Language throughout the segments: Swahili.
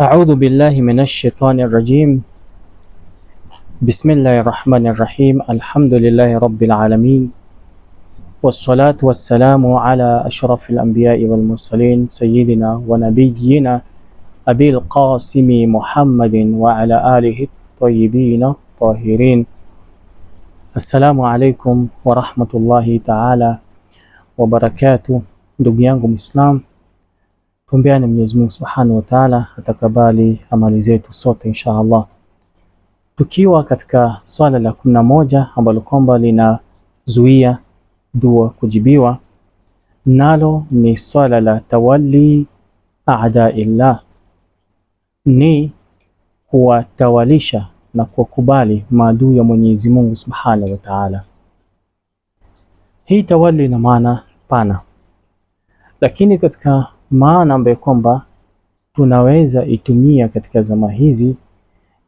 أعوذ بالله من الشيطان الرجيم بسم الله الرحمن الرحيم الحمد لله رب العالمين والصلاة والسلام على أشرف الأنبياء والمرسلين سيدنا ونبينا أبي القاسم محمد وعلى آله الطيبين الطاهرين السلام عليكم ورحمة الله تعالى وبركاته دقيانكم إسلام Tuombeane Mwenyezi Mungu Subhanahu wa Ta'ala atakabali amali zetu sote insha Allah. Tukiwa katika swala la kumi na moja ambalo kwamba linazuia dua kujibiwa, nalo ni swala la tawalli a'daillah, ni kuwatawalisha na kuwakubali maadui ya Mwenyezi Mungu Subhanahu wa Ta'ala. Hii tawalli ina maana pana, lakini katika maana ambayo kwamba tunaweza itumia katika zama hizi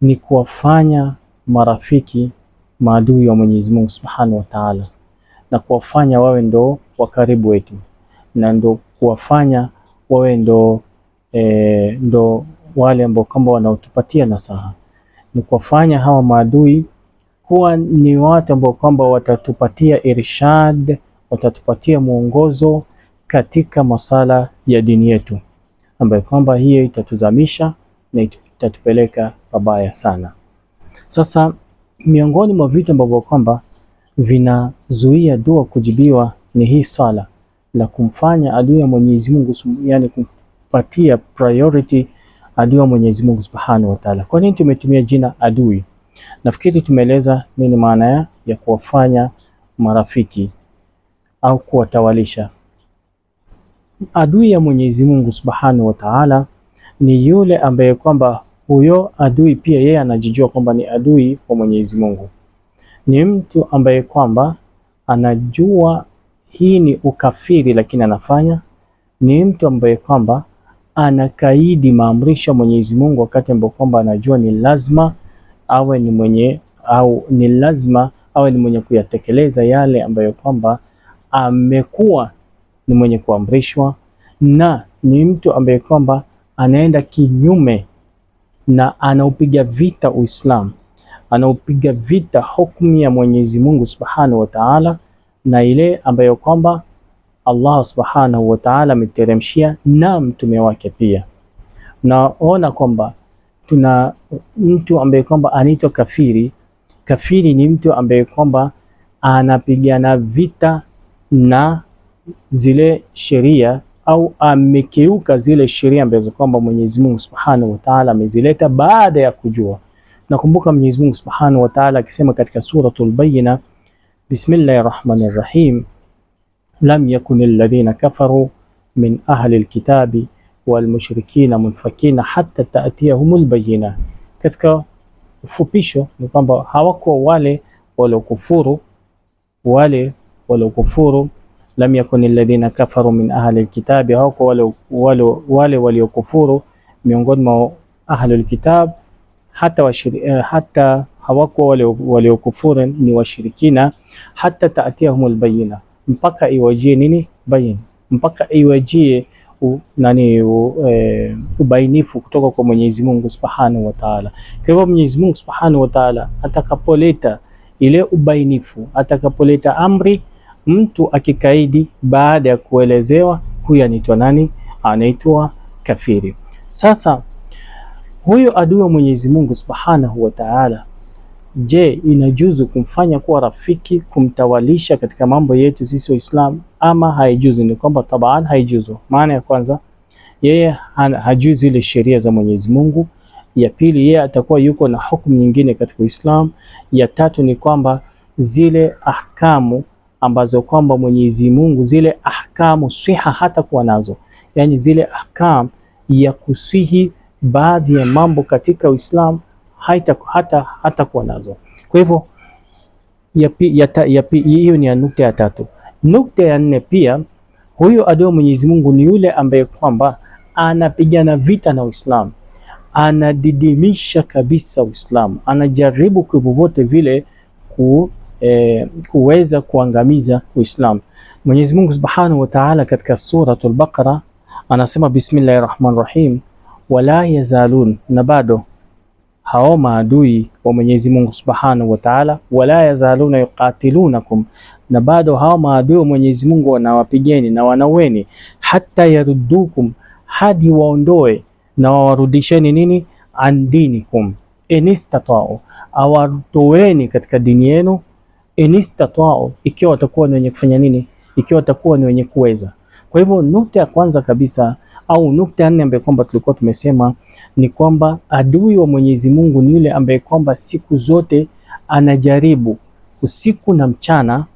ni kuwafanya marafiki maadui wa Mwenyezi Mungu Subhanahu wa Ta'ala, na kuwafanya wawe ndo wakaribu wetu na ndo kuwafanya wawe ndo, e, ndo wale ambao kwamba wanaotupatia nasaha, ni kuwafanya hawa maadui kuwa ni watu ambao kwamba watatupatia irshad, watatupatia mwongozo katika masala ya dini yetu, ambayo kwamba hiyo itatuzamisha na itatupeleka pabaya sana. Sasa miongoni mwa vitu ambavyo kwamba vinazuia dua kujibiwa ni hii swala la kumfanya adui ya Mwenyezi Mungu, yani kumpatia priority adui ya Mwenyezi Mungu Subhanahu wa Ta'ala. Kwa nini tumetumia jina adui? Nafikiri tumeeleza nini maana ya kuwafanya marafiki au kuwatawalisha adui ya Mwenyezi Mungu Subhanahu wa Ta'ala ni yule ambaye kwamba huyo adui pia yeye anajijua kwamba ni adui wa Mwenyezi Mungu. Ni mtu ambaye kwamba anajua hii ni ukafiri, lakini anafanya. Ni mtu ambaye kwamba anakaidi maamrisho ya Mwenyezi Mungu, wakati ambapo kwamba anajua ni lazima awe ni mwenye au ni lazima awe ni mwenye kuyatekeleza yale ambayo kwamba amekuwa ni mwenye kuamrishwa na ni mtu ambaye kwamba anaenda kinyume na anaupiga vita Uislamu, anaupiga vita hukumu ya Mwenyezi Mungu Subhanahu wa Ta'ala, na ile ambayo kwamba Allah Subhanahu wa Ta'ala ameteremshia na mtume wake pia. Naona kwamba tuna mtu ambaye kwamba anaitwa kafiri. Kafiri ni mtu ambaye kwamba anapigana vita na zile sheria au amekeuka zile sheria ambazo kwamba Mwenyezi Mungu Subhanahu wa Ta'ala amezileta baada ya kujua. Nakumbuka Mwenyezi Mungu Subhanahu wa Ta'ala akisema katika suratul Bayyina, Bismillahir Rahmanir Rahim, lam yakunil ladhina kafaru min ahli alkitabi wal mushrikina munfakina hatta ta'tiyahumul bayyina. Katika ufupisho ni kwamba hawakuwa wale waliokufuru wale waliokufuru lam yakun alladhina kafaru min ahli alkitabi, hawako wale, wale, wale waliokufuru miongoni mwa ahli alkitab, hata, eh, hata hawako waliokufuru ni washirikina, hata taatiahum albayina, mpaka iwajie nini bayin, mpaka iwajie nani u, e, kutoka kwa Mwenyezi Mungu Subhanahu wa Ta'ala. Kwa hivyo Mwenyezi Mungu Subhanahu wa Ta'ala atakapoleta ile ubainifu, atakapoleta amri mtu akikaidi baada ya kuelezewa, huyu anaitwa nani? Anaitwa kafiri. Sasa huyu adui wa Mwenyezi Mungu Subhanahu wa Ta'ala, je, inajuzu kumfanya kuwa rafiki, kumtawalisha katika mambo yetu sisi Waislamu ama haijuzu? Ni kwamba tabaan haijuzu. Maana ya kwanza yeye hajui zile sheria za Mwenyezi Mungu. Ya pili, yeye atakuwa yuko na hukumu nyingine katika Uislamu. Ya tatu ni kwamba zile ahkamu ambazo kwamba Mwenyezi Mungu zile ahkamu siha hata kuwa nazo, yani zile ahkam ya kusihi baadhi ya mambo katika Uislamu hata, hata, hata kuwa nazo. Kwa hivyo hiyo ni ya nukta ya tatu. Nukta ya nne pia, huyo adui Mwenyezi Mungu ni yule ambaye kwamba anapigana vita na Uislamu, anadidimisha kabisa Uislamu, anajaribu kwa vyovyote vile e, kuweza kuangamiza Uislamu. Mwenyezi Mungu Subhanahu wa Ta'ala katika suratul Baqara anasema bismillahir rahmanir rahim, wala yazalun, na bado hao maadui wa Mwenyezi Mungu Subhanahu wa Ta'ala, wala yazaluna yuqatilunakum, na bado hao maadui wa Mwenyezi Mungu wanawapigeni na wanaweni, hata yaruddukum, hadi waondoe na wawarudisheni nini, andinikum inistatao, awatoweni katika dini yenu inistatwao, ikiwa watakuwa ni wenye kufanya nini? Ikiwa watakuwa ni wenye kuweza. Kwa hivyo nukta ya kwanza kabisa au nukta ya nne ambayo kwamba tulikuwa tumesema ni kwamba adui wa Mwenyezi Mungu ni yule ambaye kwamba siku zote anajaribu usiku na mchana,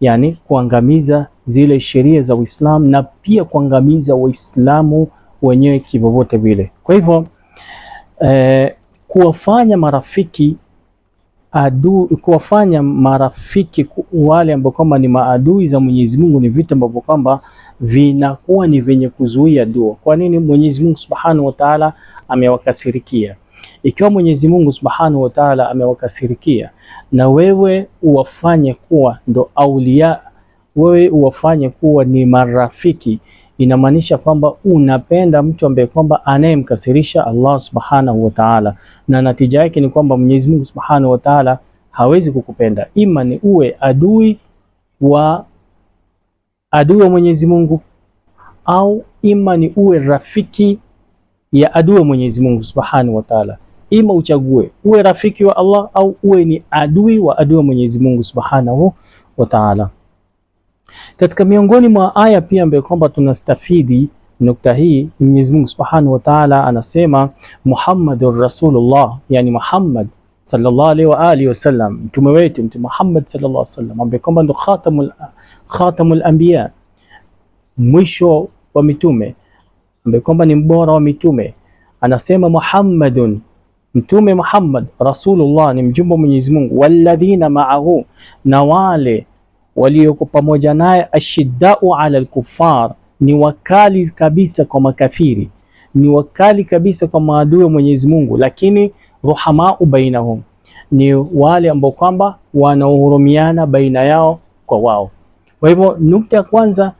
yani kuangamiza zile sheria za Uislamu na pia kuangamiza Waislamu wenyewe kivyovyote vile. Kwa hivyo eh, kuwafanya marafiki adu kuwafanya marafiki wale ambao kwamba ni maadui za Mwenyezi Mungu ni vitu ambavyo kwamba vinakuwa ni vyenye kuzuia dua. Kwa nini Mwenyezi Mungu Subhanahu wa Ta'ala amewakasirikia? Ikiwa Mwenyezi Mungu Subhanahu wa Ta'ala amewakasirikia, na wewe uwafanye kuwa ndo aulia, wewe uwafanye kuwa ni marafiki inamaanisha kwamba unapenda mtu ambaye kwamba anayemkasirisha Allah subhanahu wa ta'ala, na natija yake ni kwamba Mwenyezi Mungu subhanahu wa ta'ala hawezi kukupenda. Ima ni uwe adui wa adui wa Mwenyezi Mungu, au ima ni uwe rafiki ya adui wa Mwenyezi Mungu subhanahu wa ta'ala. Ima uchague uwe rafiki wa Allah au uwe ni adui wa adui wa Mwenyezi Mungu subhanahu wa ta'ala. Katika miongoni mwa aya pia ambayo kwamba tunastafidi nukta hii, Mwenyezi Mungu Subhanahu wa Ta'ala anasema Muhammadur Rasulullah, yani Muhammad sallallahu alaihi wa alihi wasallam, mtume wetu Mtume Muhammad sallallahu alaihi wasallam ambaye kwamba ndo khatamul khatamul anbiya, mwisho wa mitume, ambaye kwamba ni mbora wa mitume. Anasema Muhammadun, mtume Muhammad, Rasulullah, ni mjumbe wa Mwenyezi Mungu, walladhina ma'ahu, na wale walioko pamoja naye ashiddau ala alkuffar, ni wakali kabisa kwa makafiri, ni wakali kabisa kwa maadui wa Mwenyezi Mungu, lakini ruhamau bainahum, ni wale ambao kwamba wanaohurumiana baina yao kwa wao. Kwa hivyo nukta ya kwanza,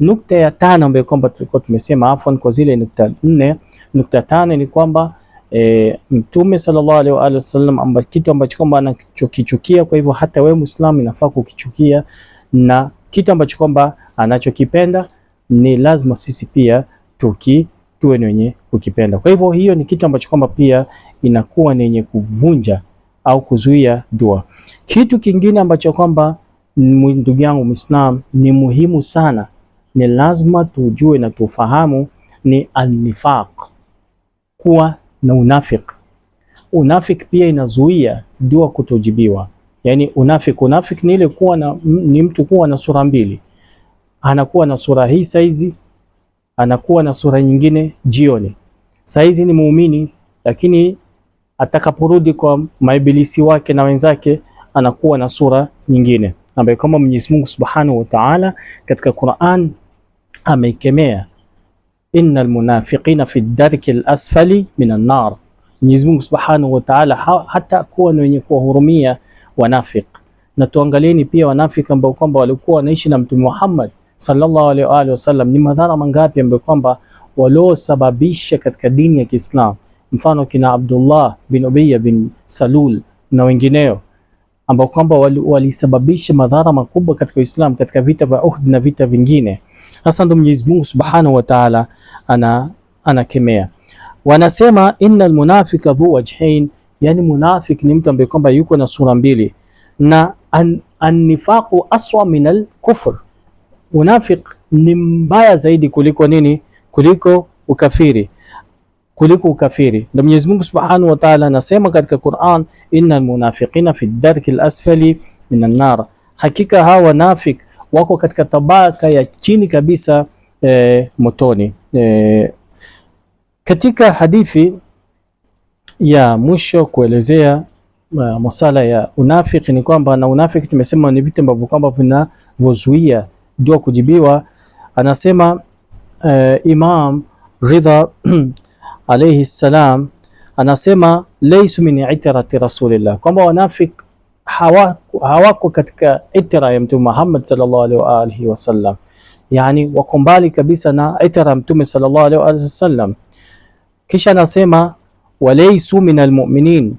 nukta ya tano ambayo kwamba tulikuwa tumesema, afwan, kwa zile nukta nne, nukta tano ni kwamba e, Mtume sallallahu alaihi wa sallam amba, kitu ambacho kwamba anachokichukia. Kwa hivyo hata wewe Muislamu inafaa kukichukia, na kitu ambacho kwamba anachokipenda ni lazima sisi pia tuki tuwe ni wenye kukipenda. Kwa hivyo hiyo ni kitu ambacho kwamba pia inakuwa ni yenye kuvunja au kuzuia dua. Kitu kingine ambacho kwamba ndugu yangu Muislam ni muhimu sana, ni lazima tujue na tufahamu ni alnifaq, kuwa na unafiki. Unafiki pia inazuia dua kutojibiwa. Yani unafiki, unafiki ni ile kuwa na, ni mtu kuwa na sura mbili, anakuwa na sura hii saizi, anakuwa na sura nyingine jioni. Saizi ni muumini, lakini atakaporudi kwa maibilisi wake na wenzake anakuwa na sura nyingine ambayo kama Mwenyezi Mungu Subhanahu wa Ta'ala katika Qur'an ameikemea innal munafiqina fi darki al min minan nar. Mwenyezi Mungu Subhanahu wa Ta'ala hata kuwa ni wenye kuwahurumia wanafik. Na tuangalieni pia wanafiki ambao kwamba walikuwa wanaishi na Mtume Muhammad sallallahu alaihi wa alihi wasallam, ni madhara mangapi ambayo kwamba waliosababisha katika dini ya kiislam mfano kina Abdullah bin Ubayy bin Salul na wengineo ambao kwamba walisababisha wali madhara makubwa katika Uislamu katika vita vya Uhud na vita vingine. Sasa ndio Mwenyezi Mungu Subhanahu wa Ta'ala ana anakemea, wanasema innal munafika dhu wajhain, yani munafik ni mtu ambaye kwamba yuko na sura mbili, na annifaqu an aswa min alkufr, munafik ni mbaya zaidi kuliko nini? Kuliko ukafiri kuliko ukafiri. Ndio Mwenyezi Mungu Subhanahu wa Ta'ala anasema katika Qur'an, innal munafiqina fi ddarki al-asfali minan nar, hakika hawa wanafik wako katika tabaka ya chini kabisa e, motoni. E, katika hadithi ya mwisho kuelezea e, masala ya unafiki ni kwamba, na unafiki tumesema ni vitu ambavyo kwamba vinavyozuia dua kujibiwa. Anasema e, Imam Ridha alaihi salam anasema laisu min itrati rasulillah, kwamba wanafiki hawako, hawako katika itra ya Mtume Muhammad sallallahu alaihi wa alihi wasallam, yani wako mbali kabisa na itra Mtume sallallahu alaihi wa alihi wasallam. Kisha anasema walaisu min almuminin,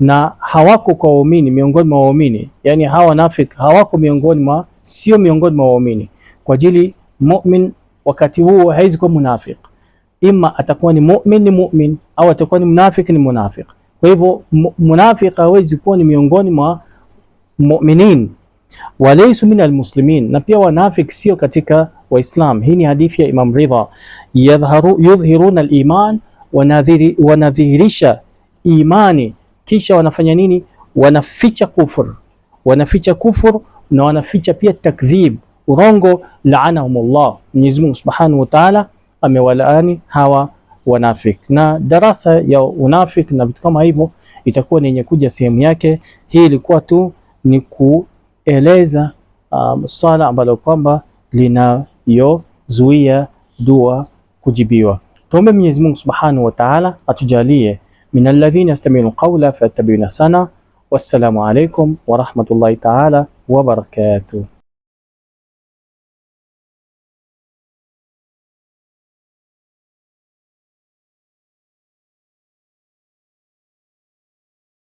na hawako kwa waumini, miongoni mwa waumini, yani hawa wanafiki hawako miongoni mwa, sio miongoni mwa waumini. Kwa ajili mumin wakati huo haizi kuwa munafiki Ima atakuwa ni mu'min ni mu'min, au atakuwa ni mnafiki ni munafiq. Kwa hivyo munafiki hawezi kuwa ni miongoni mwa mu'minin, walaysu min almuslimin, na pia wanafiki sio katika Waislam. Hii ni hadithi ya Imam Ridha, yudhhiruna aliman, wanadhihirisha imani, kisha wanafanya nini? Wanaficha kufur, wanaficha kufur na wanaficha pia takdhib, urongo. Laanahumullah, Mwenyezi Mungu subhanahu wa ta'ala amewalaani hawa wanafik, na darasa ya unafik na vitu kama hivyo itakuwa ni yenye kuja sehemu yake. Hii ilikuwa tu ni kueleza um, swala ambalo kwamba linayozuia dua kujibiwa. Tuombe Mwenyezi Mungu Subhanahu wa Ta'ala atujalie min alladhina yastami'u qawla fayattabi'una sana. Wassalamu alaykum wa rahmatullahi ta'ala wa barakatuh.